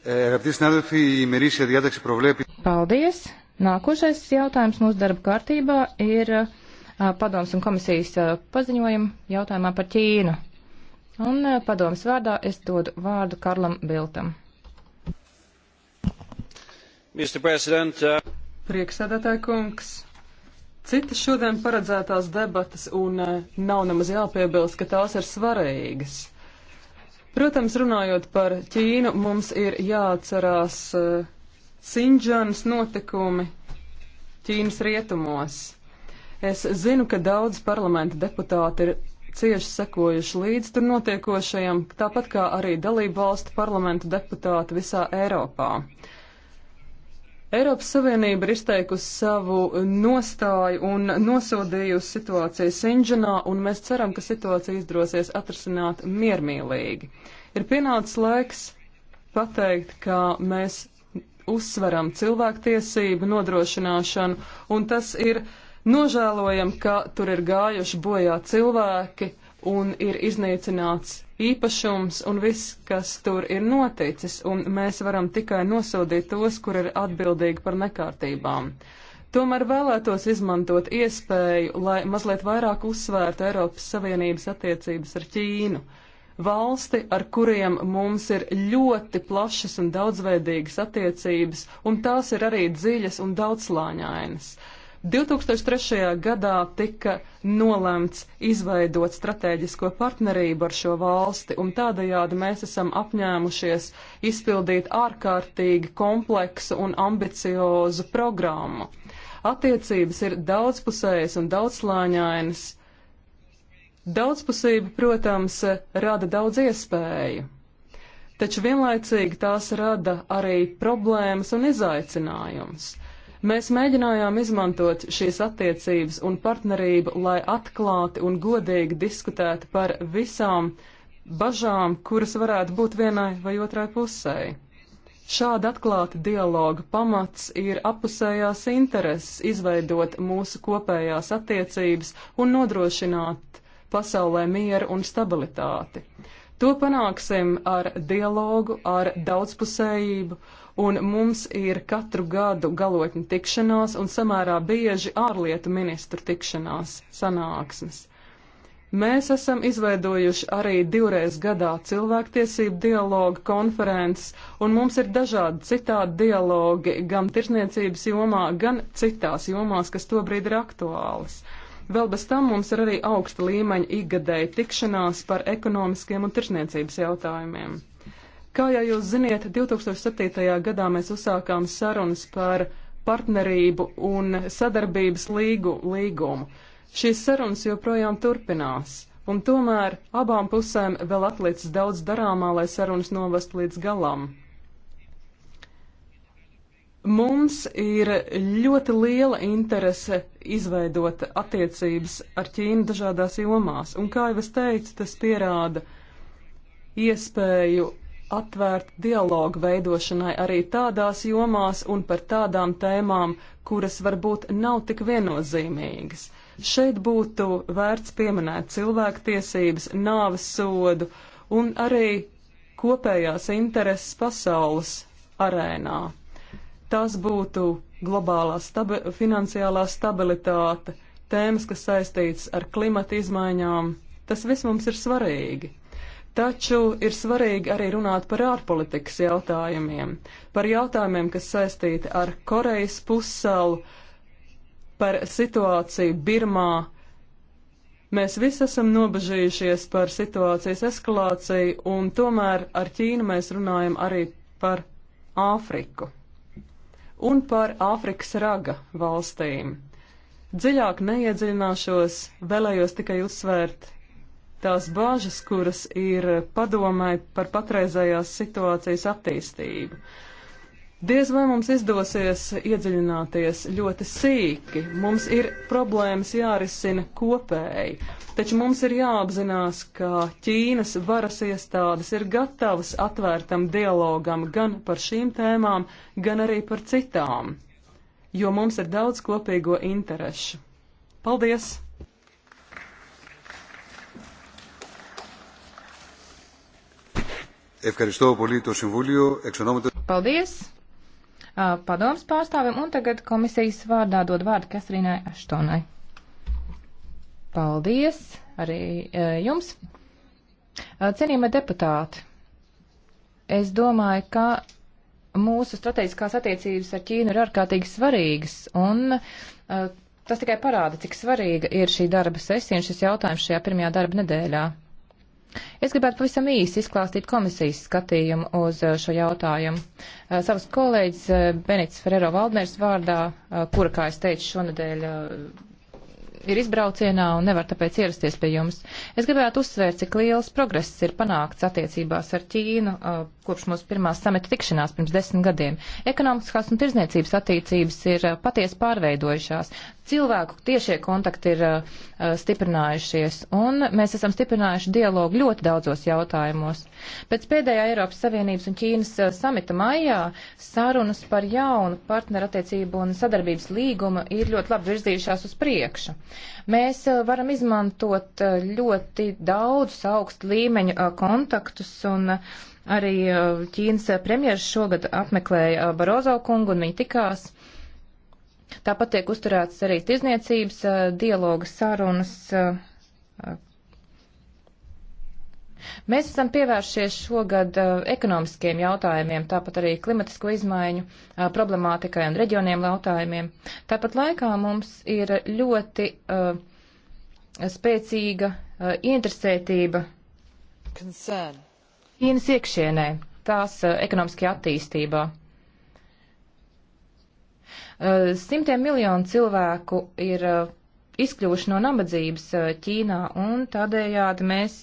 Paldies! Nākošais jautājums mūsu darba kārtībā ir padoms un komisijas paziņojuma jautājumā par Ķīnu. Un padoms vārdā es dodu vārdu Karlam Biltam. Uh- Prieksēdētāji kungs, citas šodien paredzētās debatas un eh, nav nemaz jāpiebilst, ka tās ir svarīgas. Protams, runājot par Ķīnu, mums ir jāatcerās uh, eh, Sinģanas notikumi Ķīnas rietumos. Es zinu, ka daudz parlamenta deputāti ir cieši sekojuši līdz tur notiekošajam, tāpat kā arī dalību valstu parlamentu deputāti visā Eiropā. Uh, Eiropas Savienība ir izteikusi savu nostāju un nosodījusi situāciju Sinģenā, un mēs ceram, ka situācija izdrosies atrasināt miermīlīgi. Ir pienācis laiks pateikt, ka mēs uzsveram cilvēktiesību nodrošināšanu, un tas ir nožēlojam, ka tur ir gājuši bojā cilvēki, un ir iznīcināts īpašums un viss, kas tur ir noticis, un mēs varam tikai nosodīt tos, kur ir atbildīgi par nekārtībām. Tomēr vēlētos izmantot iespēju, lai mazliet vairāk uzsvērtu Eiropas Savienības attiecības ar Ķīnu. Valsti, ar kuriem mums ir ļoti plašas un daudzveidīgas attiecības, un tās ir arī dziļas un daudzslāņainas. Uh, 2003. gadā tika nolemts izveidot strateģisko partnerību ar šo valsti, un tādējādi mēs esam apņēmušies izpildīt ārkārtīgi kompleksu un ambiciozu programmu. Attiecības ir daudzpusējas un daudzslāņainas. Daudzpusība, protams, rada daudz iespēju taču vienlaicīgi tās rada arī problēmas un izaicinājumus. Mēs mēģinājām izmantot šīs attiecības un partnerību, lai atklāti un godīgi diskutētu par visām bažām, kuras varētu būt vienai vai otrai pusē. Šāda atklāta dialoga pamats ir apusējās intereses izveidot mūsu kopējās attiecības un nodrošināt pasaulē mieru un stabilitāti. To panāksim ar dialogu, ar daudzpusējību un mums ir katru gadu galotņu tikšanās un samērā bieži ārlietu ministru tikšanās sanāksmes. Mēs esam izveidojuši arī divreiz gadā cilvēktiesību dialogu konferences, un mums ir dažādi citādi dialogi gan tirsniecības jomā, gan citās jomās, kas tobrīd ir aktuālas. Vēl bez tam mums ir arī augsta līmeņa ikgadēja tikšanās par ekonomiskiem un tirsniecības jautājumiem. Kā jau jūs ziniet, 2007. gadā mēs uzsākām sarunas par partnerību un sadarbības līgu, līgumu. Šīs sarunas joprojām turpinās, un tomēr abām pusēm vēl atlicis daudz darāmā, lai sarunas novest līdz galam. Mums ir ļoti liela interese izveidot attiecības ar Ķīnu dažādās jomās, un kā jau es teicu, tas pierāda iespēju atvērt dialogu veidošanai arī tādās jomās un par tādām tēmām, kuras varbūt nav tik viennozīmīgas. Šeit būtu vērts pieminēt cilvēktiesības, nāves sodu un arī kopējās intereses pasaules arēnā. Tas būtu globālā stabi finansiālā stabilitāte, tēmas, kas saistītas ar klimata izmaiņām. Tas viss mums ir svarīgi. Taču ir svarīgi arī runāt par ārpolitikas jautājumiem, par jautājumiem, kas saistīti ar Korejas pussalu, par situāciju Birmā. Mēs visi esam nobežījušies par situācijas eskalāciju, un tomēr ar Ķīnu mēs runājam arī par Āfriku un par Āfrikas raga valstīm. Dziļāk neiedziļināšos, vēlējos tikai uzsvērt tās bāžas, kuras ir padomai par patreizējās situācijas attīstību. Diez vai mums izdosies iedziļināties ļoti sīki, mums ir problēmas jārisina kopēji, taču mums ir jāapzinās, ka Ķīnas varas iestādes ir gatavas atvērtam dialogam gan par šīm tēmām, gan arī par citām, jo mums ir daudz kopīgo interešu. Paldies! Ευχαριστώ πολύ το Συμβούλιο. Εξονόμητο... Paldies! Padoms pārstāvim un tagad komisijas vārdā dod vārdu Katrīnai Aštonai. Paldies arī jums. Cienījamie deputāti, es domāju, ka mūsu strateģiskās attiecības ar Ķīnu ir ārkārtīgi svarīgas un tas tikai parāda, cik svarīga ir šī darba sesija un šis jautājums šajā pirmajā darba nedēļā. Es gribētu pavisam īsi izklāstīt komisijas skatījumu uz uh, šo jautājumu. Uh, savas kolēģis uh, Benits Ferrero Valdners vārdā, kura, kā es teicu, šonadēļ ir izbraucienā un nevar tāpēc ierasties pie jums. Es gribētu uzsvērt, cik liels progress ir panākts attiecībās ar Ķīnu kopš mūsu pirmās sameta tikšanās pirms desmit gadiem. Ekonomiskās un tirzniecības attīcības ir patiesi pārveidojušās. Cilvēku tiešie kontakti ir uh, stiprinājušies, un mēs esam stiprinājuši dialogu ļoti daudzos jautājumos. Pēc pēdējā Eiropas Savienības un Ķīnas samita maijā sarunas par jaunu partnerattiecību un sadarbības līgumu ir ļoti labi virzījušās uz priekšu. Mēs uh, varam izmantot uh, ļoti daudzus augstu līmeņu kontaktus un uh, Arī uh, Ķīnas premjeras šogad apmeklēja uh, Barozo kungu un viņi tikās. Tāpat tiek uzturēts arī tirzniecības uh, dialoga sarunas. Mēs esam pievēršies šogad ekonomiskiem jautājumiem, tāpat arī klimatisko izmaiņu problemātikai un reģioniem jautājumiem. Tāpat laikā mums ir ļoti uh, spēcīga uh, interesētība. Concern Ķīnas iekšienē, tās eh, ekonomiskajā attīstībā. Eh, simtiem miljonu cilvēku ir eh, izkļuvuši no nabadzības Ķīnā, un tādējādi mēs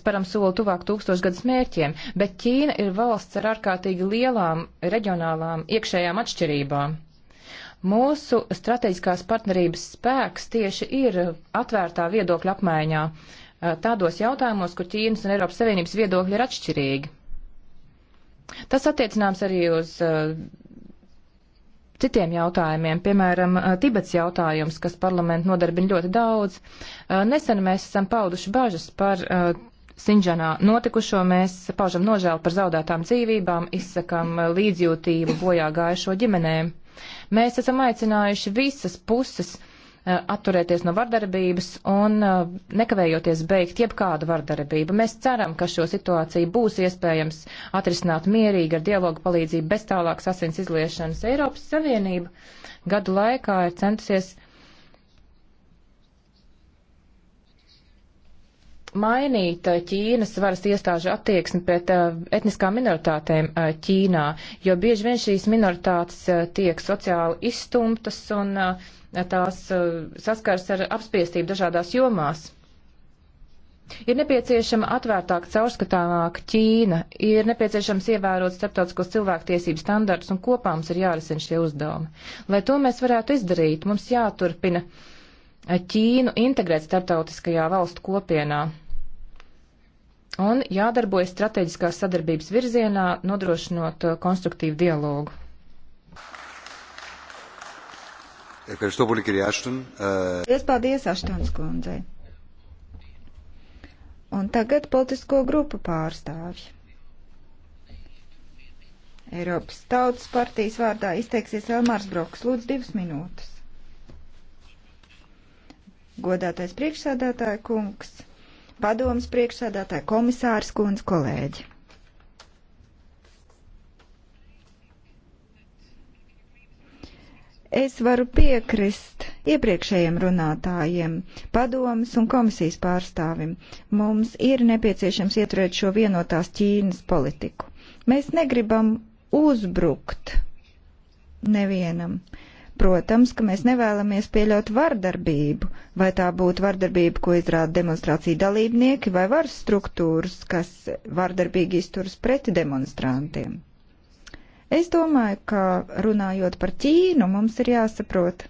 sparam soli tuvāk tūkstošgadus mērķiem, bet Ķīna ir valsts ar ārkārtīgi lielām reģionālām iekšējām atšķirībām. Mūsu strateģiskās partnerības spēks tieši ir atvērtā viedokļa apmaiņā. Uh, Eh, tādos jautājumos, kur Ķīnas un Eiropas Savienības viedokļi ir atšķirīgi. Tas attiecināms arī uz uh, citiem jautājumiem, piemēram, eh, Tibets jautājums, kas parlamentu nodarbina ļoti daudz. Uh, nesen mēs esam pauduši bažas par uh, Sinģanā notikušo, mēs paužam nožēlu par zaudētām dzīvībām, izsakam līdzjūtību bojā gājušo ģimenēm. Mēs esam aicinājuši visas puses uh, Eh, atturēties no vardarbības un eh, nekavējoties beigt jebkādu vardarbību. Mēs ceram, ka šo situāciju būs iespējams atrisināt mierīgi ar dialogu palīdzību bez tālākas asins izliešanas. Eiropas Savienība gadu laikā ir centusies mainīt eh, Ķīnas varas iestāžu attieksmi pret eh, etniskām minoritātēm eh, Ķīnā, jo bieži vien šīs minoritātes tiek sociāli izstumtas un tās saskars ar apspiestību dažādās jomās. Ir nepieciešama atvērtāka, caurskatāmāka Ķīna, ir nepieciešams ievērot starptautiskos cilvēktiesību standartus un kopā mums ir jārisina šie uzdevumi. Lai to mēs varētu izdarīt, mums jāturpina Ķīnu integrēt starptautiskajā valstu kopienā un jādarbojas strateģiskās sadarbības virzienā, nodrošinot uh, konstruktīvu dialogu. Liels paldies, Aštons kundzei. Un tagad politisko grupu pārstāvji. Eiropas Tautas partijas vārdā izteiksies Elmārs Broks. Lūdzu, divas minūtes. Godātais priekšsādātāja kungs padomas priekšsēdētāji, komisārs kundz kolēģi. Es varu piekrist iepriekšējiem runātājiem, padomas un komisijas pārstāvim. Mums ir nepieciešams ieturēt šo vienotās Ķīnas politiku. Mēs negribam uzbrukt nevienam. Uh, Protams, ka mēs nevēlamies pieļaut vardarbību, vai tā būtu vardarbība, ko izrāda demonstrācija dalībnieki, vai varas struktūras, kas vardarbīgi izturas pret demonstrantiem. Es domāju, ka runājot par Ķīnu, mums ir jāsaprot,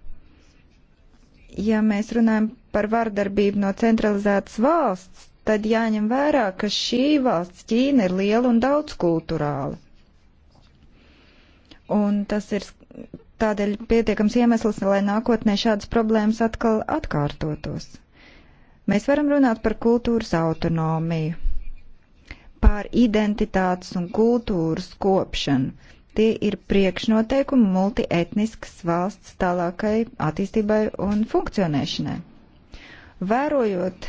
ja mēs runājam par vardarbību no centralizētas valsts, tad jāņem vērā, ka šī valsts Ķīna ir liela un daudz kulturāla. Un tas ir tādēļ pietiekams iemesls, lai nākotnē šādas problēmas atkal atkārtotos. Mēs varam runāt par kultūras autonomiju, par identitātes un kultūras kopšanu. Tie ir priekšnoteikumi multietniskas valsts tālākai attīstībai un funkcionēšanai. Vērojot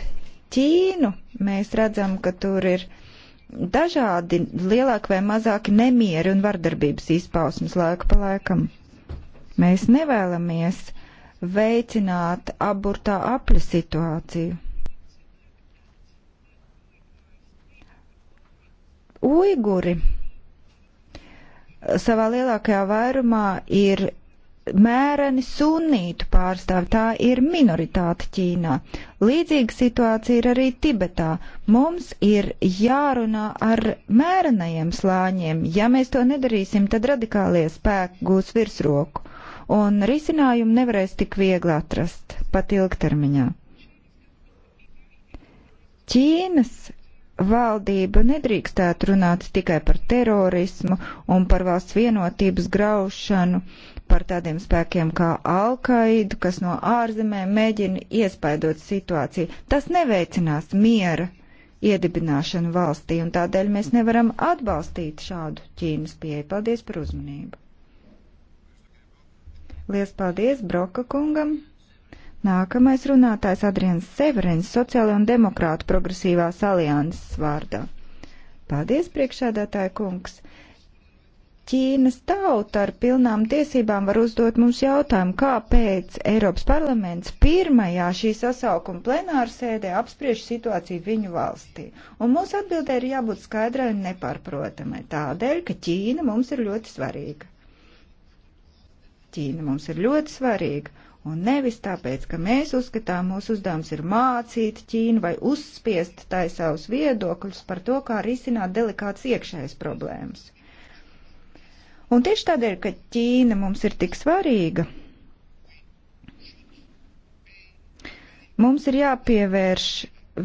Ķīnu, mēs redzam, ka tur ir dažādi lielāki vai mazāki nemieri un vardarbības izpausmes laika pa laikam. Mēs nevēlamies veicināt aburtā apļa situāciju. Uiguri savā lielākajā vairumā ir mēreni sunītu pārstāvi, tā ir minoritāte Ķīnā. Līdzīga situācija ir arī Tibetā. Mums ir jārunā ar mērenajiem slāņiem. Ja mēs to nedarīsim, tad radikālie spēki gūs virsroku un risinājumu nevarēs tik viegli atrast pat ilgtermiņā. Ķīnas valdība nedrīkstētu runāt tikai par terorismu un par valsts vienotības graušanu, par tādiem spēkiem kā Alkaidu, kas no ārzemēm mēģina iespaidot situāciju. Tas neveicinās miera iedibināšanu valstī, un tādēļ mēs nevaram atbalstīt šādu Ķīnas pieeju. Paldies par uzmanību! Lielas paldies Broka kungam! Nākamais runātājs Adrians Severins, Sociāla un Demokrāta progresīvās alianses vārdā. Paldies, priekšādātāja kungs! Ķīnas tauta ar pilnām tiesībām var uzdot mums jautājumu, kāpēc Eiropas parlaments pirmajā šī sasaukuma plenāru sēdē apspriež situāciju viņu valstī. Un mūsu atbildē ir jābūt skaidrai un nepārprotamai tādēļ, ka Ķīna mums ir ļoti svarīga. Ķīna mums ir ļoti svarīga. Un nevis tāpēc, ka mēs uzskatām, mūsu uzdevums ir mācīt Ķīnu vai uzspiest tai savus viedokļus par to, kā risināt delikātas iekšējas problēmas. Un tieši tādēļ, ka Ķīna mums ir tik svarīga, mums ir jāpievērš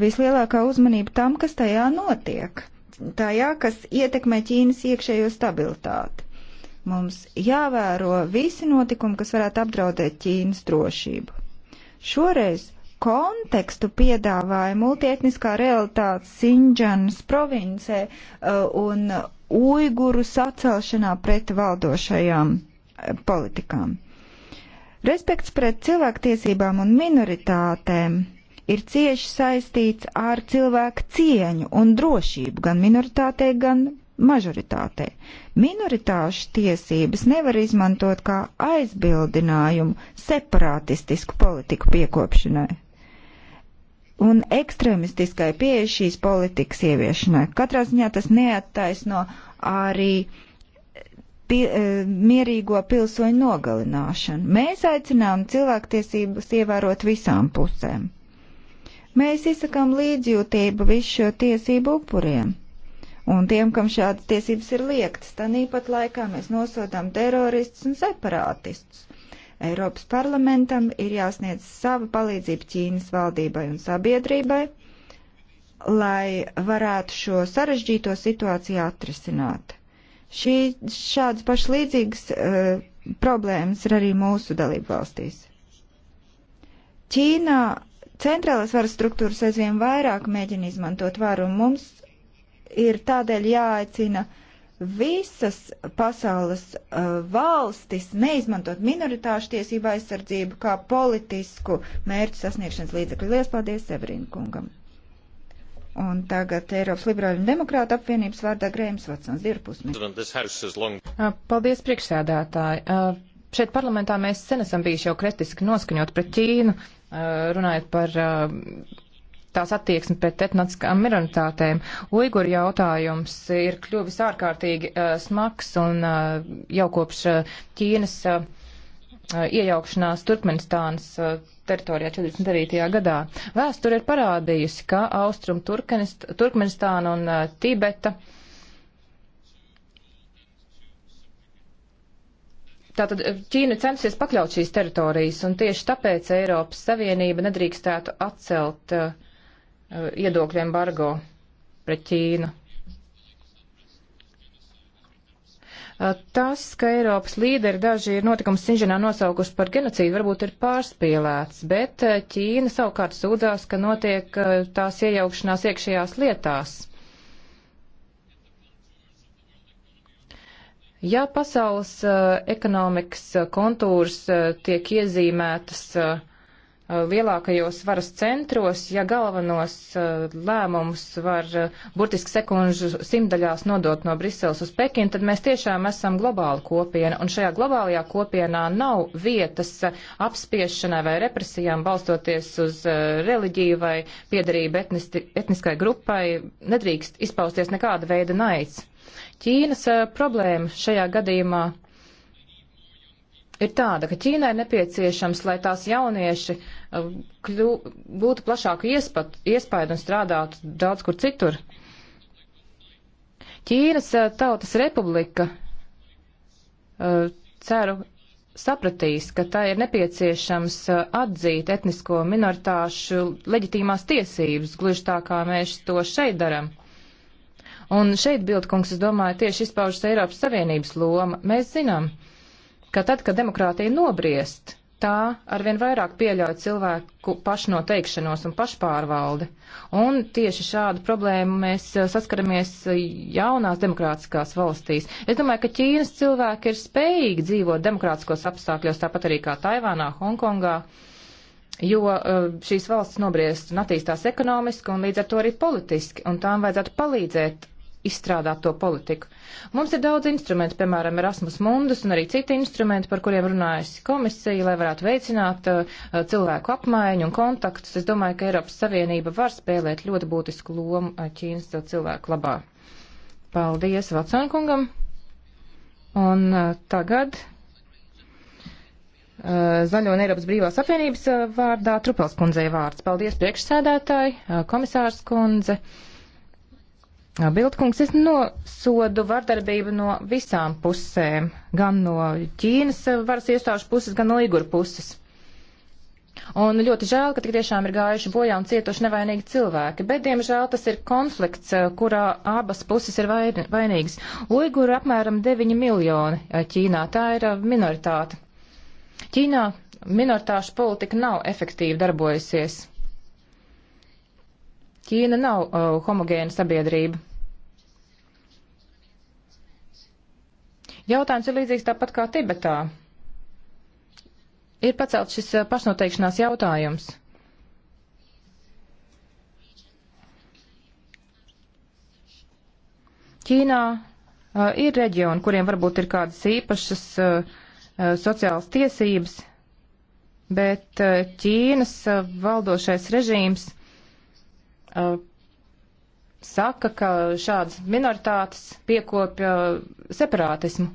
vislielākā uzmanība tam, kas tajā notiek, tajā, kas ietekmē Ķīnas iekšējo stabilitāti. Mums jāvēro visi notikumi, kas varētu apdraudēt Ķīnas drošību. Šoreiz kontekstu piedāvāja multietniskā realitāte Sinjanas provincē uh, un uiguru sacelšanā pret valdošajām uh, politikām. Respekts pret cilvēktiesībām un minoritātēm ir cieši saistīts ar cilvēku cieņu un drošību gan minoritātei, gan mažoritātei. Minoritāšu tiesības nevar izmantot kā aizbildinājumu separātistisku politiku piekopšanai un ekstremistiskai pieeja šīs politikas ieviešanai. Katrā ziņā tas neattaisno arī pi, e, mierīgo pilsoņu nogalināšanu. Mēs aicinām cilvēktiesības ievērot visām pusēm. Mēs izsakām līdzjūtību visu šo tiesību upuriem un tiem, kam šādas tiesības ir liektas. Tanīpat laikā mēs nosodām teroristus un separātistus. Eiropas parlamentam ir jāsniedz sava palīdzība Ķīnas valdībai un sabiedrībai, lai varētu šo sarežģīto situāciju atrisināt. Šī, šādas pašlīdzīgas uh, problēmas ir arī mūsu dalību valstīs. Ķīnā centrālās varas struktūras aizvien vairāk mēģina izmantot varu, un mums ir tādēļ jāaicina visas pasaules uh, valstis neizmantot minoritāšu tiesību aizsardzību kā politisku mērķu sasniegšanas līdzekli. Lielas paldies Severīnu kungam! Un tagad Eiropas Liberāļu un Demokrāta apvienības vārdā Grēms Vatsons, divpusmē. Uh, paldies, priekšsēdētāji. Uh, šeit parlamentā mēs sen esam bijuši jau kritiski noskaņot pret Ķīnu, uh, runājot par tās attieksmi pret etniskām minoritātēm. Uiguru jautājums ir kļuvis ārkārtīgi uh, smags un uh, jau kopš uh, Ķīnas uh, iejaukšanās Turkmenistānas uh, teritorijā 49. gadā. Vēsture ir parādījusi, ka Austrum Turkenist, Turkmenistāna un uh, Tibeta Tātad Ķīna cenšas pakļaut šīs teritorijas, un tieši tāpēc Eiropas Savienība nedrīkstētu atcelt uh, Eh, iedokļu embargo pret Ķīnu. Eh, tas, ka Eiropas līderi daži ir notikums Sinžanā nosaukuši par genocīdu, varbūt ir pārspīlēts, bet eh, Ķīna savukārt sūdzās, ka notiek tās iejaukšanās iekšējās lietās. Ja pasaules ekonomikas kontūrs tiek iezīmētas uh, Uh, lielākajos varas centros, ja galvenos uh, lēmumus var uh, burtiski sekundžu simdaļās nodot no Briseles uz Pekinu, tad mēs tiešām esam globāla kopiena, un šajā globālajā kopienā nav vietas apspiešanai vai represijām balstoties uz reliģiju vai piedarību etnisti, etniskai grupai, nedrīkst izpausties nekāda veida naids. Ķīnas problēma šajā gadījumā ir tāda, ka Ķīnai ir nepieciešams, lai tās jaunieši uh, kļu, būtu plašāku iespēju un strādātu daudz kur citur. Ķīnas uh, Tautas Republika uh, ceru sapratīs, ka tā ir nepieciešams atzīt etnisko minoritāšu leģitīmās tiesības, gluži tā kā mēs to šeit daram. Un šeit, Bildkungs, es domāju, tieši izpaužas Eiropas Savienības loma. Mēs zinām, uh, ka tad, kad demokrātija nobriest, tā arvien vairāk pieļauj cilvēku pašnoteikšanos un pašpārvaldi. Un tieši šādu problēmu mēs eh, saskaramies eh, jaunās demokrātiskās valstīs. Es domāju, ka Ķīnas cilvēki ir spējīgi dzīvot demokrātiskos apstākļos, tāpat arī kā Taivānā, Hongkongā, jo eh, šīs valsts nobriest un attīstās ekonomiski un līdz ar to arī politiski, un tām vajadzētu palīdzēt izstrādāt to politiku. Mums ir daudz instrumentu, piemēram, Erasmus Mundus un arī citi instrumenti, par kuriem runājas komisija, lai varētu veicināt uh, cilvēku apmaiņu un kontaktus. Es domāju, ka Eiropas Savienība var spēlēt ļoti būtisku lomu uh, Ķīnas cilvēku labā. Paldies Vatsankungam. Un uh, tagad uh, Zaļo un Eiropas brīvās apvienības uh, vārdā Trupels kundzei vārds. Paldies priekšsēdētāji, komisārs kundze. Bildkungs, es nosodu vardarbību no visām pusēm, gan no Ķīnas varas iestāžu puses, gan no Iguru puses. Un ļoti žēl, ka tik tiešām ir gājuši bojā un cietuši nevainīgi cilvēki, bet, diemžēl, tas ir konflikts, kurā abas puses ir vainīgas. Uiguru apmēram 9 miljoni Ķīnā, tā ir minoritāte. Ķīnā minoritāšu politika nav efektīvi darbojusies. Ķīna nav uh, homogēna sabiedrība. Jautājums ir līdzīgs tāpat kā Tibetā. Ir pacelt šis uh, pašnoteikšanās jautājums. Ķīnā uh, ir reģioni, kuriem varbūt ir kādas īpašas uh, uh sociālas tiesības, bet uh, Ķīnas uh, valdošais režīms uh, saka, ka šādas minoritātes piekopja separātismu.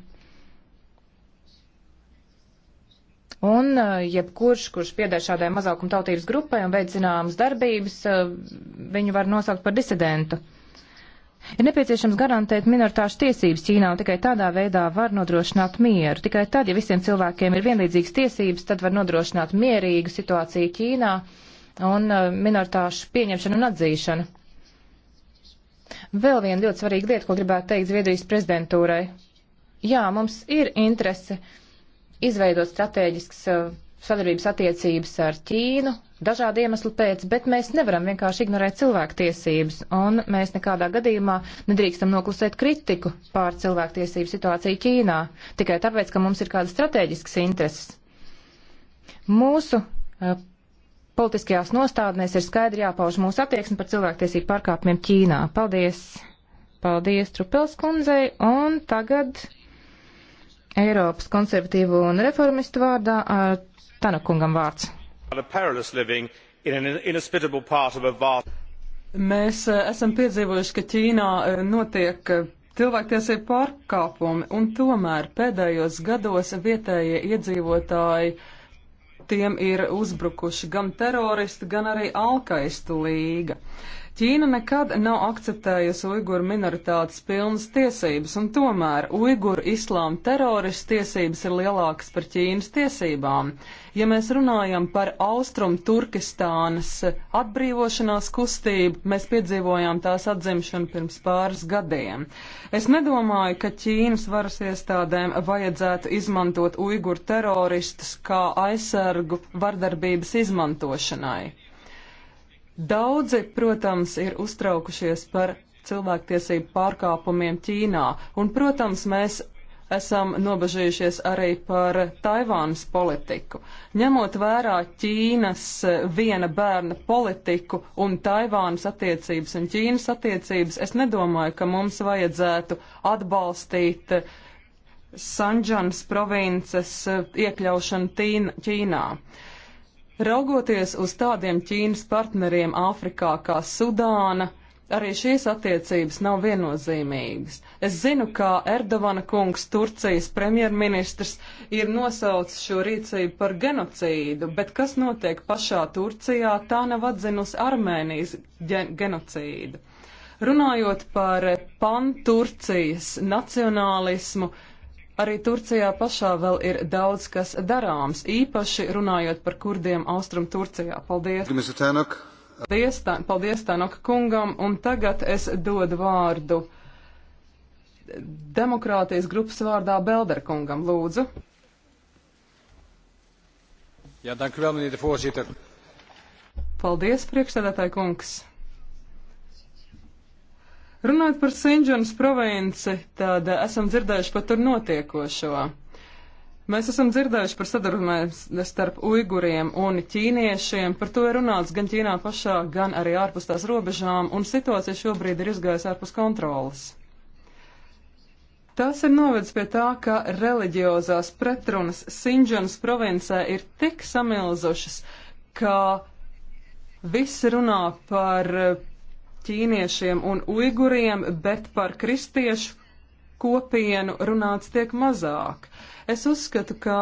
Un uh, jebkurš, kurš pieder šādai mazākuma tautības grupai un veic zināmas darbības, uh, viņu var nosaukt par disidentu. Ir nepieciešams garantēt minoritāšu tiesības Ķīnā, un tikai tādā veidā var nodrošināt mieru. Tikai tad, ja visiem cilvēkiem ir vienlīdzīgas tiesības, tad var nodrošināt mierīgu situāciju Ķīnā un uh, minoritāšu pieņemšanu un atzīšanu. Vēl viena ļoti svarīga lieta, ko gribētu teikt Zviedrijas prezidentūrai. Jā, mums ir interese izveidot strateģisks uh, sadarbības attiecības ar Ķīnu, dažādu iemeslu pēc, bet mēs nevaram vienkārši ignorēt cilvēktiesības, un mēs nekādā gadījumā nedrīkstam noklusēt kritiku pār cilvēktiesību situāciju Ķīnā, tikai tāpēc, ka mums ir kādas strateģiskas intereses. Mūsu uh, politiskajās nostādnēs ir skaidri jāpauž mūsu attieksme par cilvēktiesību pārkāpumiem Ķīnā. Paldies! Paldies Trupels kundzei! Un tagad Eiropas konservatīvu un reformistu vārdā Tanakungam vārds. Mēs eh, esam piedzīvojuši, ka Ķīnā eh, notiek eh, cilvēktiesību pārkāpumi, un tomēr pēdējos gados vietējie iedzīvotāji uh, Tiem ir uzbrukuši gan teroristi, gan arī Alkaistu līga. Ķīna nekad nav akceptējusi uiguru minoritātes pilnas tiesības, un tomēr uiguru islāma teroristu tiesības ir lielākas par Ķīnas tiesībām. Ja mēs runājam par Austrum Turkistānas atbrīvošanās kustību, mēs piedzīvojām tās atzimšanu pirms pāris gadiem. Es nedomāju, ka Ķīnas varas iestādēm vajadzētu izmantot uiguru teroristus kā aizsargu vardarbības izmantošanai. Daudzi, protams, ir uztraukušies par cilvēktiesību pārkāpumiem Ķīnā, un, protams, mēs esam nobežījušies arī par Taivānas politiku. Ņemot vērā Ķīnas eh, viena bērna politiku un Taivānas attiecības un Ķīnas attiecības, es nedomāju, ka mums vajadzētu atbalstīt eh, Sanģanas provinces eh, iekļaušanu Tīna, Ķīnā. Uh, Raugoties uz tādiem Ķīnas partneriem Āfrikā kā Sudāna, arī šīs attiecības nav viennozīmīgas. Es zinu, ka Erdovana kungs, Turcijas premjerministrs, ir nosaucis šo rīcību par genocīdu, bet kas notiek pašā Turcijā, tā nav atzinusi Armēnijas gen genocīdu. Runājot par pan-Turcijas nacionālismu, uh, Arī Turcijā pašā vēl ir daudz kas darāms, īpaši runājot par kurdiem austrum Turcijā. Paldies! Paldies, tā, paldies Tānoka kungam, un tagad es dodu vārdu demokrātijas grupas vārdā Belderkungam, lūdzu. Jā, danku vēl, minīte, Paldies, priekšsēdētāji kungs. Runājot par Sinģunas provinci, tad esam dzirdējuši par tur notiekošo. Mēs esam dzirdējuši par sadarbību starp uiguriem un ķīniešiem. Par to ir runāts gan Ķīnā pašā, gan arī ārpus tās robežām, un situācija šobrīd ir izgājusi ārpus kontrolas. Tas ir novedis pie tā, ka reliģiozās pretrunas Sinģunas provincē ir tik samilzušas, ka Visi runā par ķīniešiem un uiguriem, bet par kristiešu kopienu runāts tiek mazāk. Es uzskatu, ka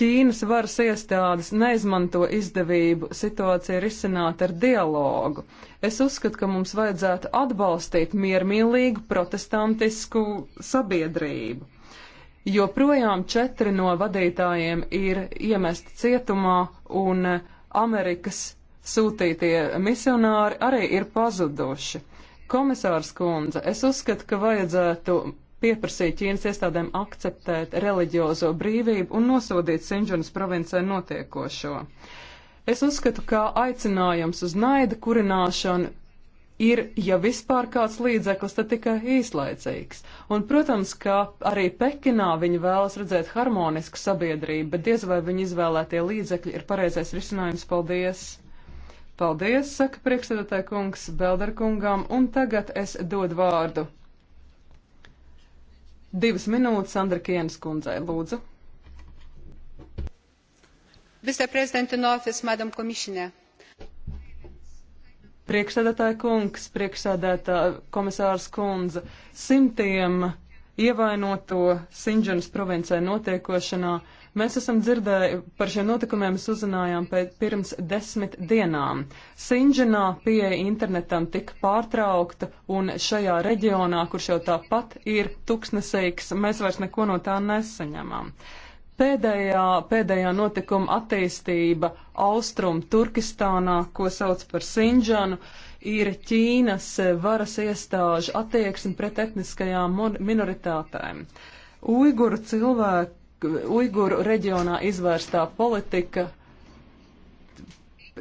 Ķīnas varas iestādes neizmanto izdevību situāciju risināt ar dialogu. Es uzskatu, ka mums vajadzētu atbalstīt miermīlīgu protestantisku sabiedrību. Joprojām četri no vadītājiem ir iemesti cietumā un Amerikas sūtītie misionāri arī ir pazuduši. Komisārs kundze, es uzskatu, ka vajadzētu pieprasīt Ķīnas iestādēm akceptēt reliģiozo brīvību un nosodīt Sinžunas provincē notiekošo. Es uzskatu, ka aicinājums uz naida kurināšanu ir, ja vispār kāds līdzeklis, tad tikai īslaicīgs. Un, protams, ka arī Pekinā viņi vēlas redzēt harmonisku sabiedrību, bet diez vai viņi izvēlētie līdzekļi ir pareizais risinājums. Paldies! Paldies, saka priekšsēdētāja kungs Belderkungam, un tagad es dodu vārdu. Divas minūtes Andra Kienas kundzei, lūdzu. Viceprezidenta in office, Madam Commissioner. Priekšsēdētāja kungs, priekšsēdētāja komisārs kundze, simtiem ievainoto Sinģenas provincē notiekošanā Mēs esam dzirdēju par šiem notikumiem, mēs uzzinājām pirms desmit dienām. Sinģinā pieeja internetam tika pārtraukta, un šajā reģionā, kurš jau tāpat ir tuksnesīgs, mēs vairs neko no tā nesaņemam. Pēdējā, pēdējā notikuma attīstība austrum Turkistānā, ko sauc par Sinģanu, ir Ķīnas varas iestāžu attieksme pret etniskajām minoritātēm. Uiguru cilvēku Uiguru reģionā izvērstā politika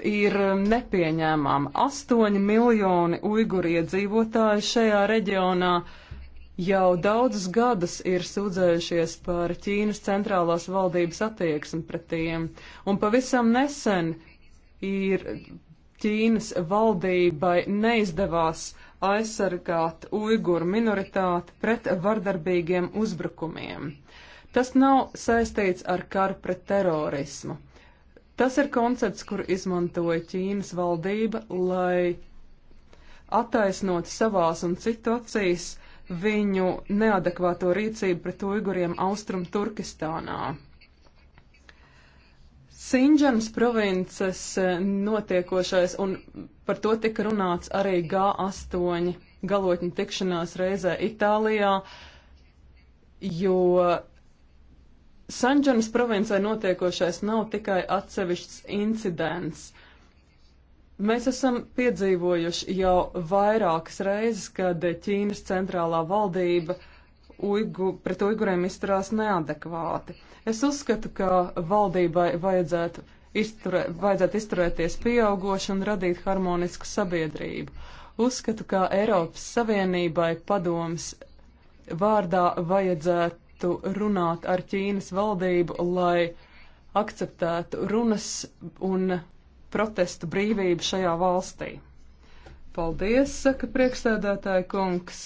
ir nepieņēmama. Astoņi miljoni uiguru iedzīvotāji šajā reģionā jau daudzus gadus ir sūdzējušies par Ķīnas centrālās valdības attieksmi pret tiem, un pavisam nesen ir Ķīnas valdībai neizdevās aizsargāt uiguru minoritāti pret vardarbīgiem uzbrukumiem. Tas nav saistīts ar karu pret terorismu. Tas ir koncepts, kuru izmantoja Ķīnas valdība, lai attaisnot savās un citu acīs viņu neadekvāto rīcību pret uiguriem Austrum Turkistānā. Sinģenas provinces eh, notiekošais, un par to tika runāts arī G8 galotņu tikšanās reizē Itālijā, jo Sanģanas provincē notiekošais nav tikai atsevišķs incidents. Mēs esam piedzīvojuši jau vairākas reizes, kad Ķīnas centrālā valdība uigu, pret uiguriem izturās neadekvāti. Es uzskatu, ka valdībai vajadzētu, izturē, vajadzētu izturēties pieaugoši un radīt harmonisku sabiedrību. Uzskatu, ka Eiropas Savienībai padoms vārdā vajadzētu varētu runāt ar Ķīnas valdību, lai akceptētu runas un protesta brīvību šajā valstī. Paldies, saka priekšsēdētāja kungs.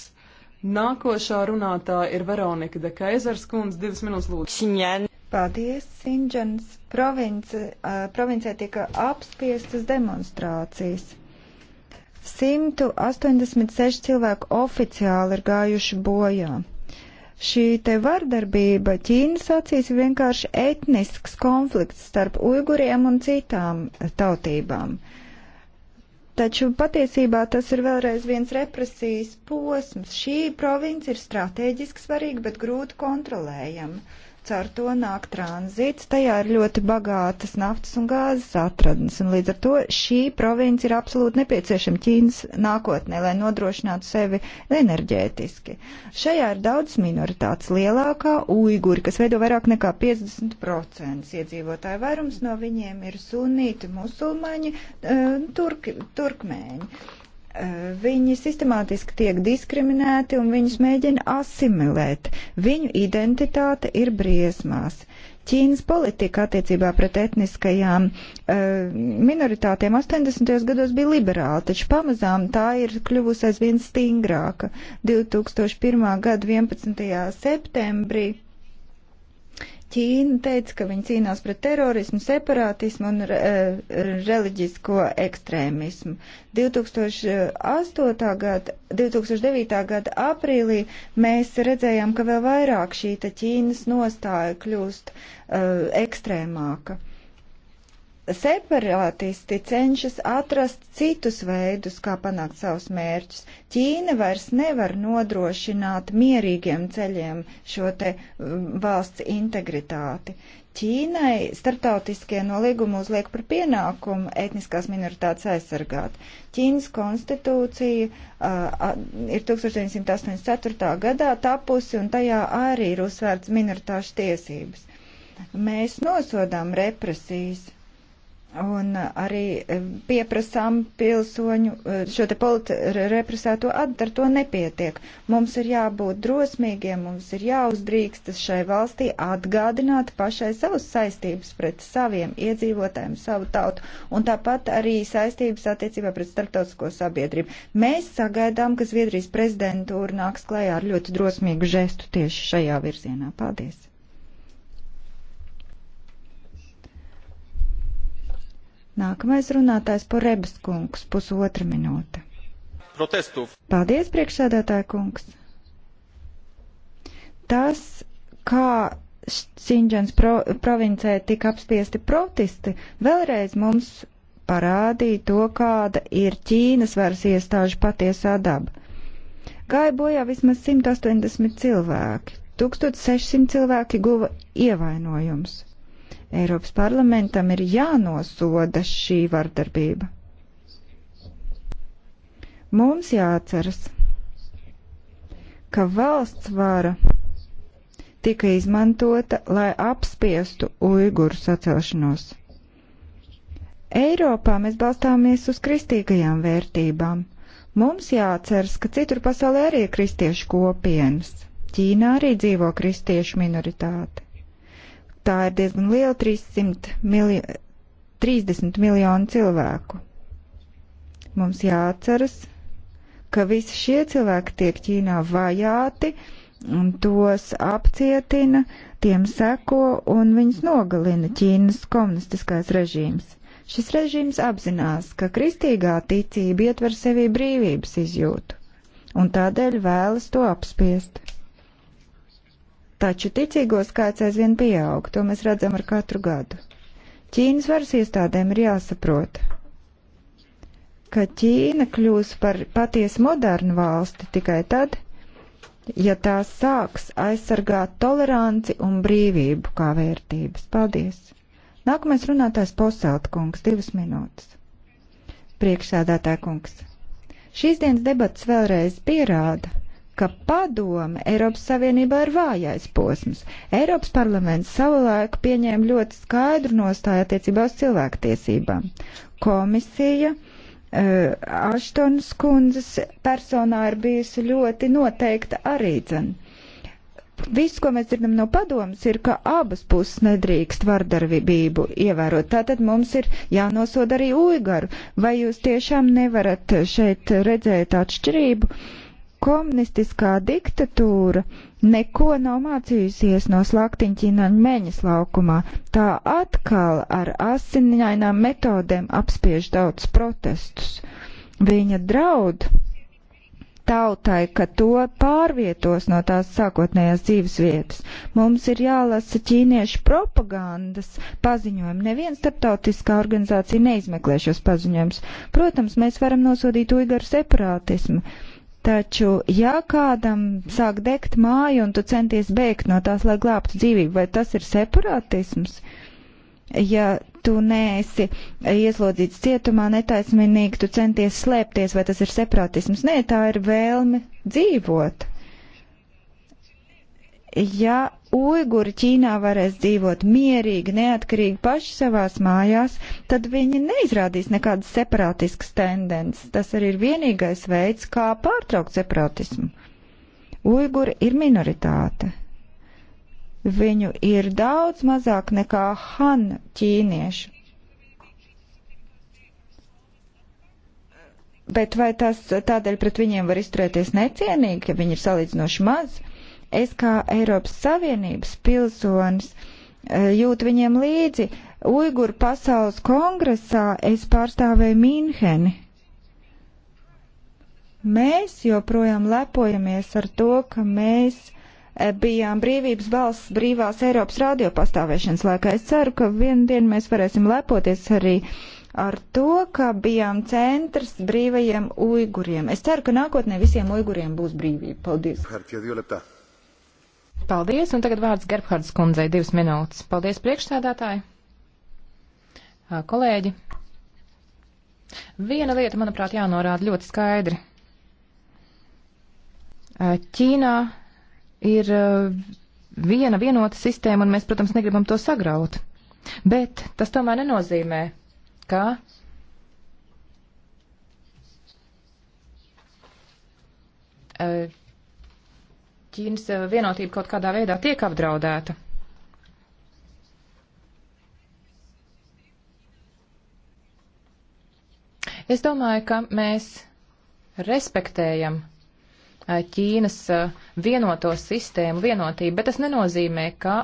Nākošā runātāja ir Veronika de Keizers kundze, divas minūtes lūdzu. Paldies, Sinģens. Province, uh, provincē tika apspiestas demonstrācijas. 186 cilvēku oficiāli ir gājuši bojā. Šī te vardarbība Ķīnas acīs ir vienkārši etnisks konflikts starp uiguriem un citām tautībām. Taču patiesībā tas ir vēlreiz viens represijas posms. Šī province ir strateģiski svarīga, bet grūti kontrolējama Caur to nāk tranzīts, tajā ir ļoti bagātas naftas un gāzes atradnes, un līdz ar to šī province ir absolūti nepieciešama Ķīnas nākotnē, lai nodrošinātu sevi enerģētiski. Šajā ir daudz minoritātes lielākā uiguri, kas veido vairāk nekā 50% iedzīvotāju. Vairums no viņiem ir sunīti, musulmaņi, eh, turki, turkmēņi. Viņi sistemātiski tiek diskriminēti un viņus mēģina asimilēt. Viņu identitāte ir briesmās. Ķīnas politika attiecībā pret etniskajām uh, minoritātēm 80. gados bija liberāla, taču pamazām tā ir kļuvusi aizvien stingrāka. 2001. gada 11. septembrī Ķīna teica, ka viņi cīnās pret terorismu, separātismu un re, e, reliģisko ekstrēmismu. 2008. gada, 2009. gada aprīlī mēs redzējām, ka vēl vairāk šī Ķīnas nostāja kļūst uh, ekstrēmāka separātisti cenšas atrast citus veidus, kā panākt savus mērķus. Ķīna vairs nevar nodrošināt mierīgiem ceļiem šo te um, valsts integritāti. Ķīnai starptautiskie nolīgumi uzliek par pienākumu etniskās minoritātes aizsargāt. Ķīnas konstitūcija uh, ir 1984. gadā tapusi un tajā arī ir uzsvērts minoritāšu tiesības. Mēs nosodām represijas Un arī eh, pieprasām pilsoņu eh, šo te represēto atdu, ar to nepietiek. Mums ir jābūt drosmīgiem, mums ir jāuzdrīkstas šai valstī atgādināt pašai savas saistības pret saviem iedzīvotājiem, savu tautu, un tāpat arī saistības attiecībā pret starptautisko sabiedrību. Mēs sagaidām, ka Zviedrijas prezidentūra nāks klajā ar ļoti drosmīgu žestu tieši šajā virzienā. Paldies! Nākamais runātājs Porebas kungs, pusotra minūte. Protestu. Paldies, priekšsēdētāja kungs. Tas, kā Šķinģens pro, provincē tika apspiesti protesti, vēlreiz mums parādīja to, kāda ir Ķīnas varas iestāžu patiesā daba. Gāja bojā vismaz 180 cilvēki, 1600 cilvēki guva ievainojums. Eiropas parlamentam ir jānosoda šī vardarbība. Mums jāatceras, ka valsts vara tika izmantota, lai apspiestu uiguru sacelšanos. Eiropā mēs balstāmies uz kristīgajām vērtībām. Mums jāatceras, ka citur pasaulē arī ir kristiešu kopienas. Ķīnā arī dzīvo kristiešu minoritāte tā ir diezgan liela - 300 miljo, 30 miljonu cilvēku. Mums jāatceras, ka visi šie cilvēki tiek Ķīnā vajāti un tos apcietina, tiem seko un viņus nogalina Ķīnas komunistiskais režīms. Šis režīms apzinās, ka kristīgā ticība ietver sevī brīvības izjūtu, un tādēļ vēlas to apspiest. Taču ticīgo skaits aizvien pieaug, to mēs redzam ar katru gadu. Ķīnas varas iestādēm ir jāsaprot, ka Ķīna kļūs par patiesu modernu valsti tikai tad, ja tā sāks aizsargāt toleranci un brīvību kā vērtības. Paldies! Nākamais runātājs Posēlta kungs, divas minūtes. Priekšsēdētāja kungs. Šīs dienas debats vēlreiz pierāda, ka padome Eiropas Savienībā ir vājais posms. Eiropas parlaments savulaik pieņēma ļoti skaidru nostāju attiecībā uz cilvēktiesībām. Komisija uh, Aštonas kundzes personā ir bijusi ļoti noteikta arī dzen. Viss, ko mēs dzirdam no padomas, ir, ka abas puses nedrīkst vardarbību ievērot. Tātad mums ir jānosoda arī uigaru. Vai jūs tiešām nevarat šeit redzēt atšķirību? Uh, komunistiskā diktatūra neko nav mācījusies no slaktiņķina un meņas laukumā. Tā atkal ar asiniņainām metodēm apspiež daudz protestus. Viņa draud tautai, ka to pārvietos no tās sākotnējās dzīves vietas. Mums ir jālasa ķīniešu propagandas paziņojumi. Neviena starptautiskā organizācija neizmeklē šos paziņojumus. Protams, mēs varam nosodīt uiguru separātismu Taču, ja kādam sāk degt māju un tu centies bēgt no tās, lai glābtu dzīvību, vai tas ir separatisms? Ja tu neesi ieslodzīts cietumā netaisnīgi, tu centies slēpties, vai tas ir separatisms? Nē, tā ir vēlme dzīvot. Ja uiguri Ķīnā varēs dzīvot mierīgi, neatkarīgi paši savās mājās, tad viņi neizrādīs nekādas separātiskas tendences. Tas arī ir vienīgais veids, kā pārtraukt separātismu. Uiguri ir minoritāte. Viņu ir daudz mazāk nekā Han ķīniešu. Bet vai tas tādēļ pret viņiem var izturēties necienīgi, ka viņi ir salīdzinoši mazi? Es kā Eiropas Savienības pilsonis e, jūtu viņiem līdzi. Uiguru pasaules kongresā es pārstāvēju Mīnheni. Mēs joprojām lepojamies ar to, ka mēs e, bijām brīvības balss brīvās Eiropas radio pastāvēšanas laikā. Es ceru, ka vienu dienu mēs varēsim lepoties arī ar to, ka bijām centrs brīvajiem uiguriem. Es ceru, ka nākotnē visiem uiguriem būs brīvība. Paldies! Paldies, un tagad vārds Gerbhardas kundzei divas minūtes. Paldies, priekšstādātāji. Kolēģi. Viena lieta, manuprāt, jānorāda ļoti skaidri. Ķīnā ir viena vienota sistēma, un mēs, protams, negribam to sagraut. Bet tas tomēr nenozīmē, ka uh, Ķīnas eh, vienotība kaut kādā veidā tiek apdraudēta. Es domāju, ka mēs respektējam eh, Ķīnas eh, vienoto sistēmu, vienotību, bet tas nenozīmē, ka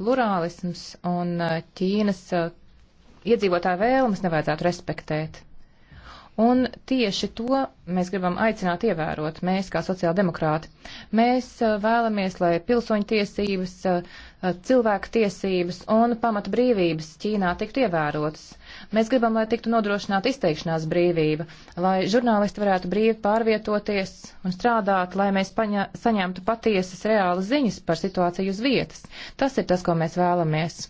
plurālisms un Ķīnas iedzīvotāju vēlmes nevajadzētu respektēt. Un tieši to mēs gribam aicināt ievērot, mēs kā sociāldemokrāti. Mēs uh, vēlamies, lai pilsoņu tiesības, uh, cilvēku tiesības un pamata brīvības Ķīnā tiktu ievērotas. Mēs gribam, lai tiktu nodrošināta izteikšanās brīvība, lai žurnālisti varētu brīvi pārvietoties un strādāt, lai mēs paņa, saņemtu patiesas reālas ziņas par situāciju uz vietas. Tas ir tas, ko mēs vēlamies.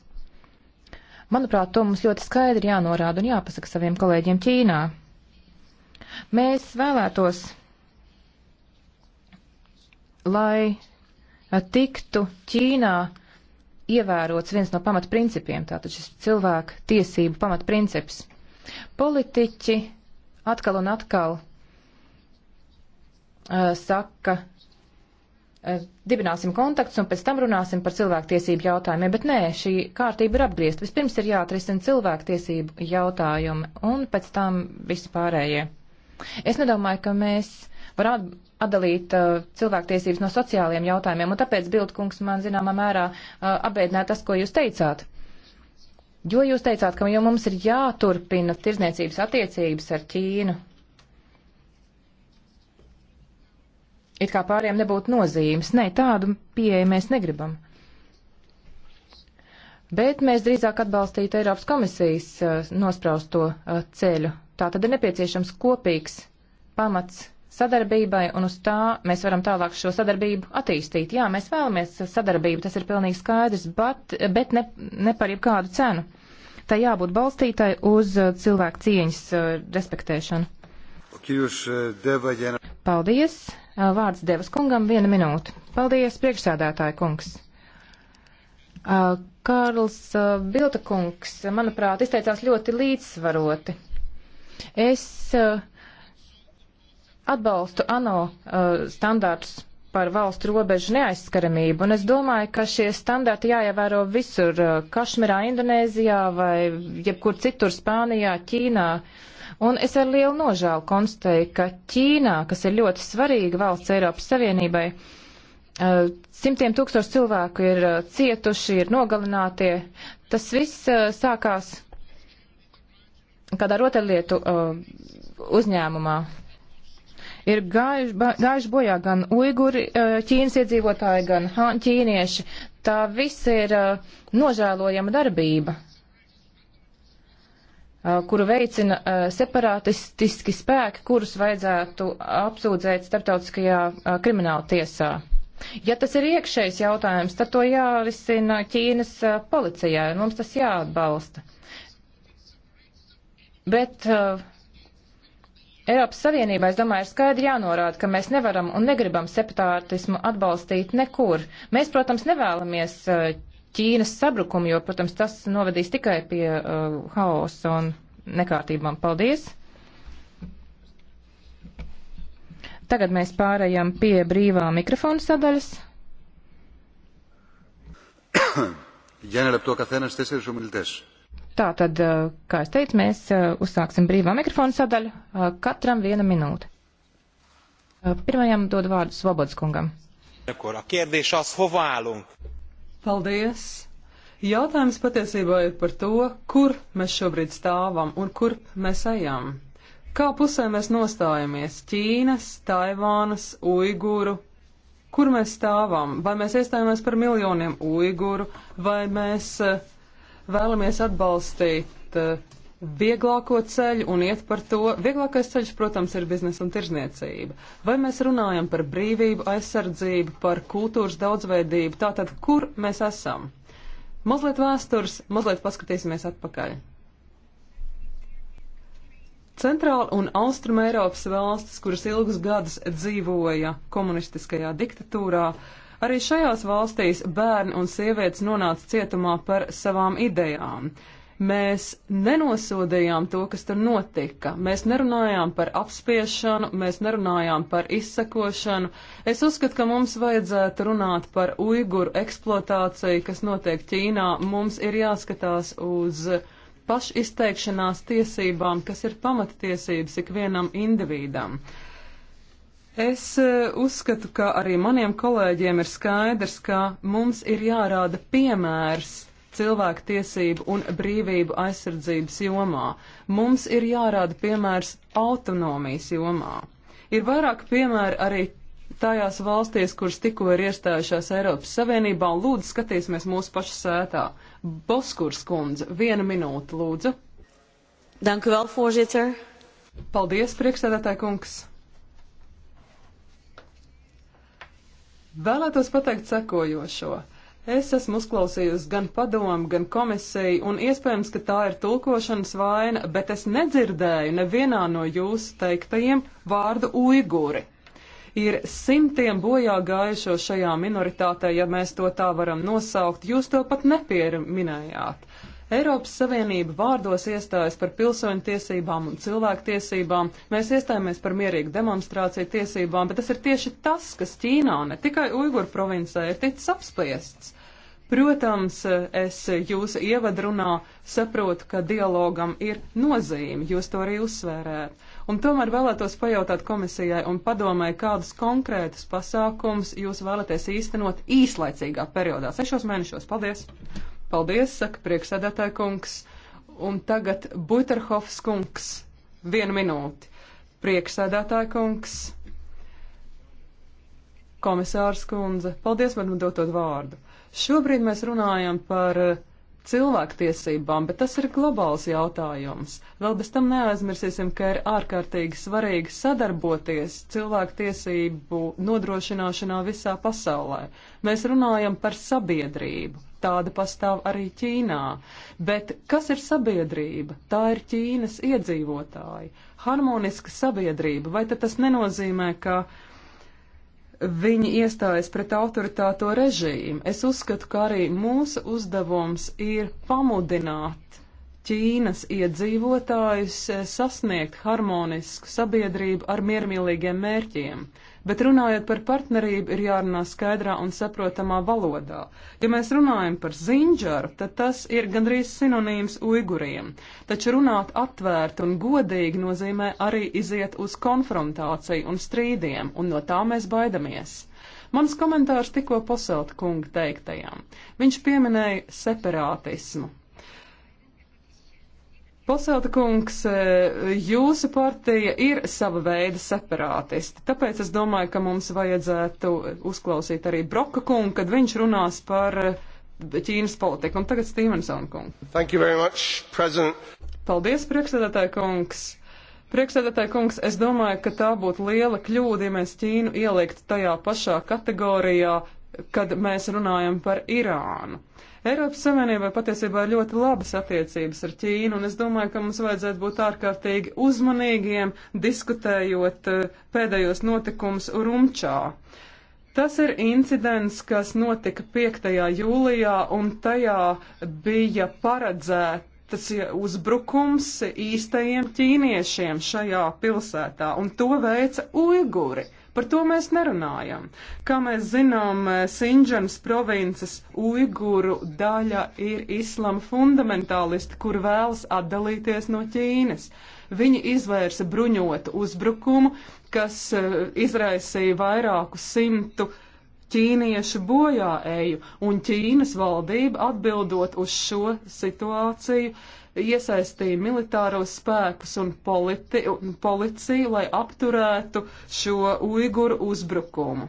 Manuprāt, to mums ļoti skaidri jānorāda un jāpasaka saviem kolēģiem Ķīnā. Mēs vēlētos, lai tiktu Ķīnā ievērots viens no pamatprincipiem, tātad šis cilvēku tiesību pamatprincips. Politiķi atkal un atkal uh, saka, uh, dibināsim kontakts un pēc tam runāsim par cilvēktiesību jautājumiem, bet nē, šī kārtība ir apgriezt. Vispirms ir jāatrisina cilvēktiesību jautājumi un pēc tam visi pārējie. Es nedomāju, ka mēs varam atdalīt uh, cilvēktiesības no sociālajiem jautājumiem, un tāpēc, Bildkungs, man zināmā mērā uh, apbēdināja tas, ko jūs teicāt. Jo jūs teicāt, ka jau mums ir jāturpina tirzniecības attiecības ar Ķīnu. It kā pāriem nebūtu nozīmes. Nē, tādu pieeju mēs negribam. Bet mēs drīzāk atbalstītu Eiropas komisijas uh, nospraustu uh, ceļu Tā tad ir nepieciešams kopīgs pamats sadarbībai, un uz tā mēs varam tālāk šo sadarbību attīstīt. Jā, mēs vēlamies sadarbību, tas ir pilnīgi skaidrs, bet, bet ne, ne par jebkādu cenu. Tā jābūt balstītai uz cilvēku cieņas eh, respektēšanu. Paldies! Eh, vārds devas kungam viena minūte. Paldies, priekšsēdētāja kungs! Eh, Kārls Bilta kungs, manuprāt, izteicās ļoti līdzsvaroti. Es eh, atbalstu ANO eh, standārtus par valstu robežu neaizskaramību, un es domāju, ka šie standarti jāievēro visur eh, - Kašmirā, Indonēzijā vai jebkur citur - Spānijā, Ķīnā. Un es ar lielu nožēlu konstatēju, ka Ķīnā, kas ir ļoti svarīga valsts Eiropas Savienībai, simtiem tūkstoši cilvēku ir cietuši, ir nogalinātie. Tas viss sākās kādā rotaļlietu uh, uzņēmumā ir gājuši, ba, gājuši bojā gan uiguri, uh, ķīnas iedzīvotāji, gan han, ķīnieši. Tā viss ir uh, nožēlojama darbība, uh, kuru veicina uh, separātistiski spēki, kurus vajadzētu apsūdzēt starptautiskajā uh, krimināla tiesā. Ja tas ir iekšējs jautājums, tad to jārisina Ķīnas uh, policijai, un mums tas jāatbalsta. Uh, Bet uh, Eiropas Savienībā, es domāju, ir skaidri jānorāda, ka mēs nevaram un negribam septātismu atbalstīt nekur. Mēs, protams, nevēlamies uh, Ķīnas sabrukumu, jo, protams, tas novedīs tikai pie uh, haosa un nekārtībām. Paldies! Tagad mēs pārējām pie brīvā mikrofona sadaļas. Για ένα λεπτό καθένας τέσσερις ομιλητές. Tā tad, eh, kā es teicu, mēs eh, uzsāksim brīvā mikrofona sadaļu. Eh, katram viena minūte. Pirmajam dod vārdu Svobodas kungam. Paldies! Jautājums patiesībā ir par to, kur mēs šobrīd stāvam un kur mēs ejam. Kā pusē mēs nostājamies? Ķīnas, Taivānas, Uiguru? Kur mēs stāvam? Vai mēs iestājamies par miljoniem Uiguru, vai mēs uh, vēlamies atbalstīt eh, vieglāko ceļu un iet par to. Vieglākais ceļš, protams, ir biznesa un tirzniecība. Vai mēs runājam par brīvību, aizsardzību, par kultūras daudzveidību, tātad kur mēs esam? Mazliet vēstures, mazliet paskatīsimies atpakaļ. Centrāla un Austruma Eiropas valstis, kuras ilgus gadus dzīvoja komunistiskajā diktatūrā, uh, Arī šajās valstīs bērni un sievietes nonāca cietumā par savām idejām. Mēs nenosodījām to, kas tur notika. Mēs nerunājām par apspiešanu, mēs nerunājām par izsekošanu. Es uzskatu, ka mums vajadzētu runāt par uiguru eksploatāciju, kas notiek Ķīnā. Mums ir jāskatās uz pašizteikšanās tiesībām, kas ir pamatiesības ikvienam individam. Uh, Es e, uzskatu, ka arī maniem kolēģiem ir skaidrs, ka mums ir jārāda piemērs cilvēku tiesību un brīvību aizsardzības jomā. Mums ir jārāda piemērs autonomijas jomā. Ir vairāk piemēri arī tajās valstīs, kuras tikko ir iestājušās Eiropas Savienībā, un lūdzu skatīsimies mūsu pašu sētā. Boskurs kundze, viena minūte, lūdzu. Danku vēl, forzitter. Paldies, priekšstādātāji kungs. Vēlētos pateikt sekojošo. Es esmu uzklausījusi gan padomu, gan komisiju, un iespējams, ka tā ir tulkošanas vaina, bet es nedzirdēju nevienā no jūsu teiktajiem vārdu uiguri. Ir simtiem bojā gājušo šajā minoritātē, ja mēs to tā varam nosaukt, jūs to pat nepieminējāt. Eiropas Savienība vārdos iestājas par pilsoņu tiesībām un cilvēku tiesībām. Mēs iestājāmies par mierīgu demonstrāciju tiesībām, bet tas ir tieši tas, kas Ķīnā, ne tikai Uiguru provincē, ir ticis apspriests. Protams, es jūsu ievadrunā saprotu, ka dialogam ir nozīme, jūs to arī uzsvērējat. Un tomēr vēlētos pajautāt komisijai un padomai, kādus konkrētus pasākums jūs vēlaties īstenot īslaicīgā periodā, sešos mēnešos. Paldies! Paldies, saka prieksēdētāja kungs. Un tagad Buterhofs kungs. Vienu minūti. Prieksēdētāja kungs. Komisārs kundze. Paldies, man dotot vārdu. Šobrīd mēs runājam par uh, cilvēktiesībām, bet tas ir globāls jautājums. Vēl bez tam neaizmirsīsim, ka ir ārkārtīgi svarīgi sadarboties cilvēktiesību nodrošināšanā visā pasaulē. Mēs runājam par sabiedrību. Tāda pastāv arī Ķīnā. Bet kas ir sabiedrība? Tā ir Ķīnas iedzīvotāji. Harmoniska sabiedrība. Vai tad tas nenozīmē, ka uh, viņi iestājas pret autoritāto režīmu. Es uzskatu, ka arī mūsu uzdevums ir pamudināt Ķīnas iedzīvotājus sasniegt harmonisku sabiedrību ar miermīlīgiem mērķiem. Bet runājot par partnerību, ir jārunā skaidrā un saprotamā valodā. Ja mēs runājam par zinģaru, tad tas ir gandrīz sinonīms uiguriem. Taču runāt atvērt un godīgi nozīmē arī iziet uz konfrontāciju un strīdiem, un no tā mēs baidamies. Mans komentārs tikko Poselta kunga teiktajām. Viņš pieminēja separātismu. Poselta kungs, eh, jūsu partija ir sava veida separātisti, tāpēc es domāju, ka mums vajadzētu uzklausīt arī Broka kungu, kad viņš runās par eh, Ķīnas politiku. Un tagad Stevensona kungu. Paldies, priekšsēdētāja kungs! Priekšsēdētāji kungs, es domāju, ka tā būtu liela kļūda, ja mēs Ķīnu ielikt tajā pašā kategorijā, kad mēs runājam par Irānu. Eiropas Savienībai patiesībā ir ļoti labas attiecības ar Ķīnu, un es domāju, ka mums vajadzētu būt ārkārtīgi uzmanīgiem, diskutējot eh, pēdējos notikumus Urumčā. Tas ir incidents, kas notika 5. jūlijā, un tajā bija paredzēts uzbrukums īstajiem ķīniešiem šajā pilsētā, un to veica uiguri. Par to mēs nerunājam. Kā mēs zinām, Sinžanas provinces uiguru daļa ir islama fundamentālisti, kur vēlas atdalīties no Ķīnas. Viņi izvērsa bruņotu uzbrukumu, kas eh, izraisīja vairāku simtu ķīniešu bojāēju, un Ķīnas valdība atbildot uz šo situāciju iesaistīja militāros spēkus un, politi, un policiju, lai apturētu šo uiguru uzbrukumu.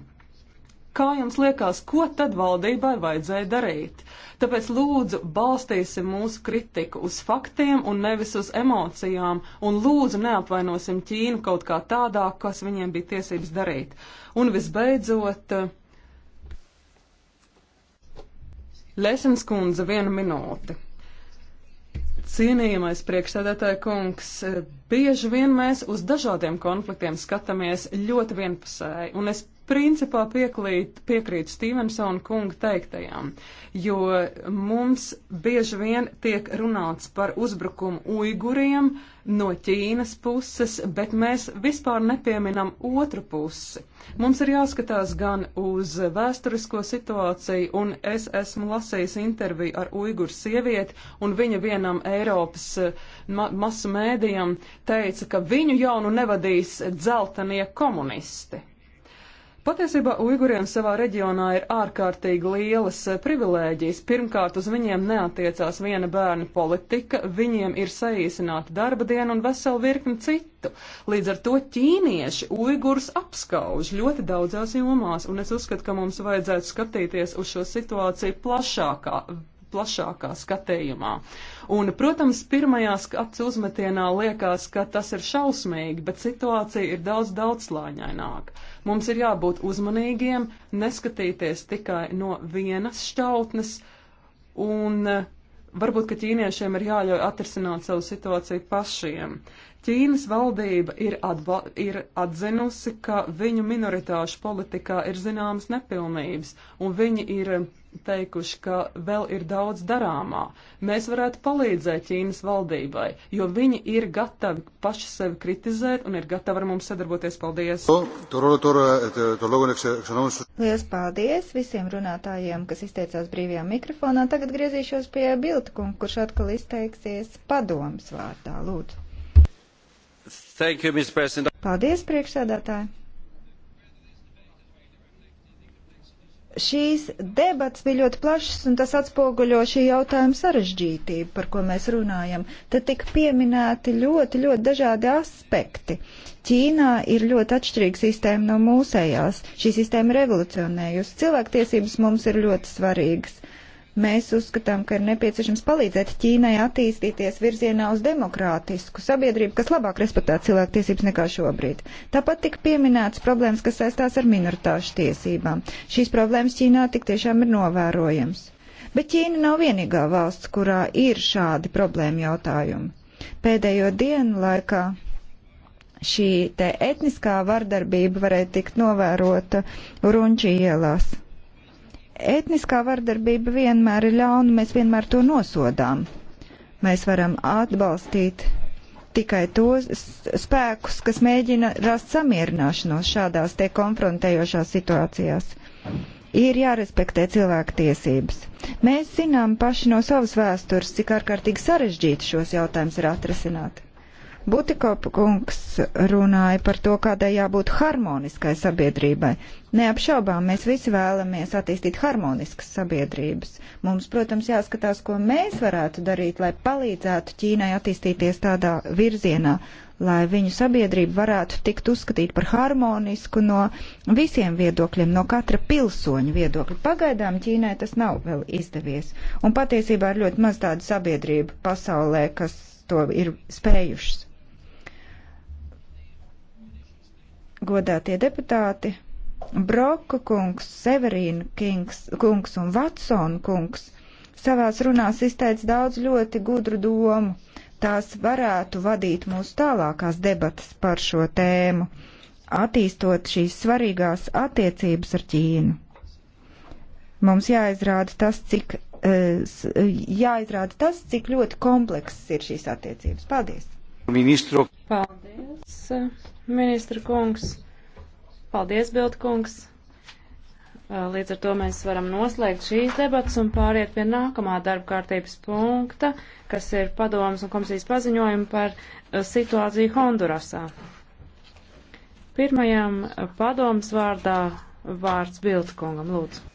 Kā jums liekas, ko tad valdībai vajadzēja darīt? Tāpēc lūdzu balstīsim mūsu kritiku uz faktiem un nevis uz emocijām, un lūdzu neapvainosim Ķīnu kaut kā tādā, kas viņiem bija tiesības darīt. Un visbeidzot, Lēsens kundze, viena minūte. Cienījamais priekšsēdētāja kungs, Bieži vien mēs uz dažādiem konfliktiem skatāmies ļoti vienpusēji, un es principā pieklīt, piekrītu Stevensona kunga teiktajām, jo mums bieži vien tiek runāts par uzbrukumu uiguriem no Ķīnas puses, bet mēs vispār nepieminam otru pusi. Mums ir jāskatās gan uz vēsturisko situāciju, un es esmu lasījis interviju ar uiguru sievieti, un viņa vienam Eiropas eh, ma masu mēdījam teica, ka viņu jau nu nevadīs dzeltenie komunisti. Patiesībā Uiguriem savā reģionā ir ārkārtīgi lielas eh, privilēģijas. Pirmkārt, uz viņiem neatiecās viena bērna politika, viņiem ir saīsināta darba diena un vesela virkni citu. Līdz ar to ķīnieši Uigurs apskauž ļoti daudzās jomās, un es uzskatu, ka mums vajadzētu skatīties uz šo situāciju plašākā plašākā skatījumā. Un, protams, pirmajā skats uzmetienā liekas, ka tas ir šausmīgi, bet situācija ir daudz daudzslāņaināka. Mums ir jābūt uzmanīgiem, neskatīties tikai no vienas šķautnes, un eh, varbūt, ka ķīniešiem ir jāļauj atrisināt savu situāciju pašiem. Ķīnas valdība ir, atba, ir atzinusi, ka viņu minoritāšu politikā ir zināmas nepilnības, un viņi ir teikuši, ka vēl ir daudz darāmā. Mēs varētu palīdzēt Ķīnas valdībai, jo viņi ir gatavi paši sevi kritizēt un ir gatavi ar mums sadarboties. Paldies! Lielas paldies visiem runātājiem, kas izteicās brīvajā mikrofonā. Tagad griezīšos pie Biltakunga, kurš atkal izteiksies padoms vārdā. Lūdzu! Thank you, Paldies, priekšsēdētāji! Šīs debats bija ļoti plašas, un tas atspoguļo šī jautājuma sarežģītību, par ko mēs runājam. Tad tika pieminēti ļoti, ļoti dažādi aspekti. Ķīnā ir ļoti atšķirīga sistēma no mūsējās. Šī sistēma ir revolucionējusi. Cilvēktiesības mums ir ļoti svarīgas. Mēs uzskatām, ka ir nepieciešams palīdzēt Ķīnai attīstīties virzienā uz demokrātisku sabiedrību, kas labāk respektē cilvēktiesības nekā šobrīd. Tāpat tika pieminētas problēmas, kas saistās ar minoritāšu tiesībām. Šīs problēmas Ķīnā tik tiešām ir novērojams. Bet Ķīna nav vienīgā valsts, kurā ir šādi problēma jautājumi. Pēdējo dienu laikā šī te etniskā vardarbība varēja tikt novērota Runči ielās Etniskā vardarbība vienmēr ir ļauna, mēs vienmēr to nosodām. Mēs varam atbalstīt tikai tos spēkus, kas mēģina rast samierināšanos šādās te konfrontējošās situācijās ir jārespektē cilvēku tiesības. Mēs zinām paši no savas vēstures, cik ārkārtīgi sarežģīti šos jautājumus ir atrasināt. Butikopa kungs runāja par to, kādai jābūt harmoniskai sabiedrībai. Neapšaubām mēs visi vēlamies attīstīt harmoniskas sabiedrības. Mums, protams, jāskatās, ko mēs varētu darīt, lai palīdzētu Ķīnai attīstīties tādā virzienā, lai viņu sabiedrību varētu tikt uzskatīt par harmonisku no visiem viedokļiem, no katra pilsoņa viedokļa. Pagaidām Ķīnai tas nav vēl izdevies. Un patiesībā ir ļoti maz tādu sabiedrību pasaulē, kas to ir spējušas. godātie deputāti, Broka kungs, Severīna kings, kungs un Vatsona kungs savās runās izteica daudz ļoti gudru domu. Tās varētu vadīt mūsu tālākās debatas par šo tēmu, attīstot šīs svarīgās attiecības ar Ķīnu. Mums jāizrāda tas, cik, eh, jāizrāda tas, cik ļoti komplekss ir šīs attiecības. Paldies! Ministru. Paldies! Ministra kungs, paldies, Bild kungs. Līdz ar to mēs varam noslēgt šīs debatas un pāriet pie nākamā darba kārtības punkta, kas ir padomas un komisijas paziņojumi par situāciju Hondurasā. Pirmajam padomas vārdā vārds Bildkungam, lūdzu.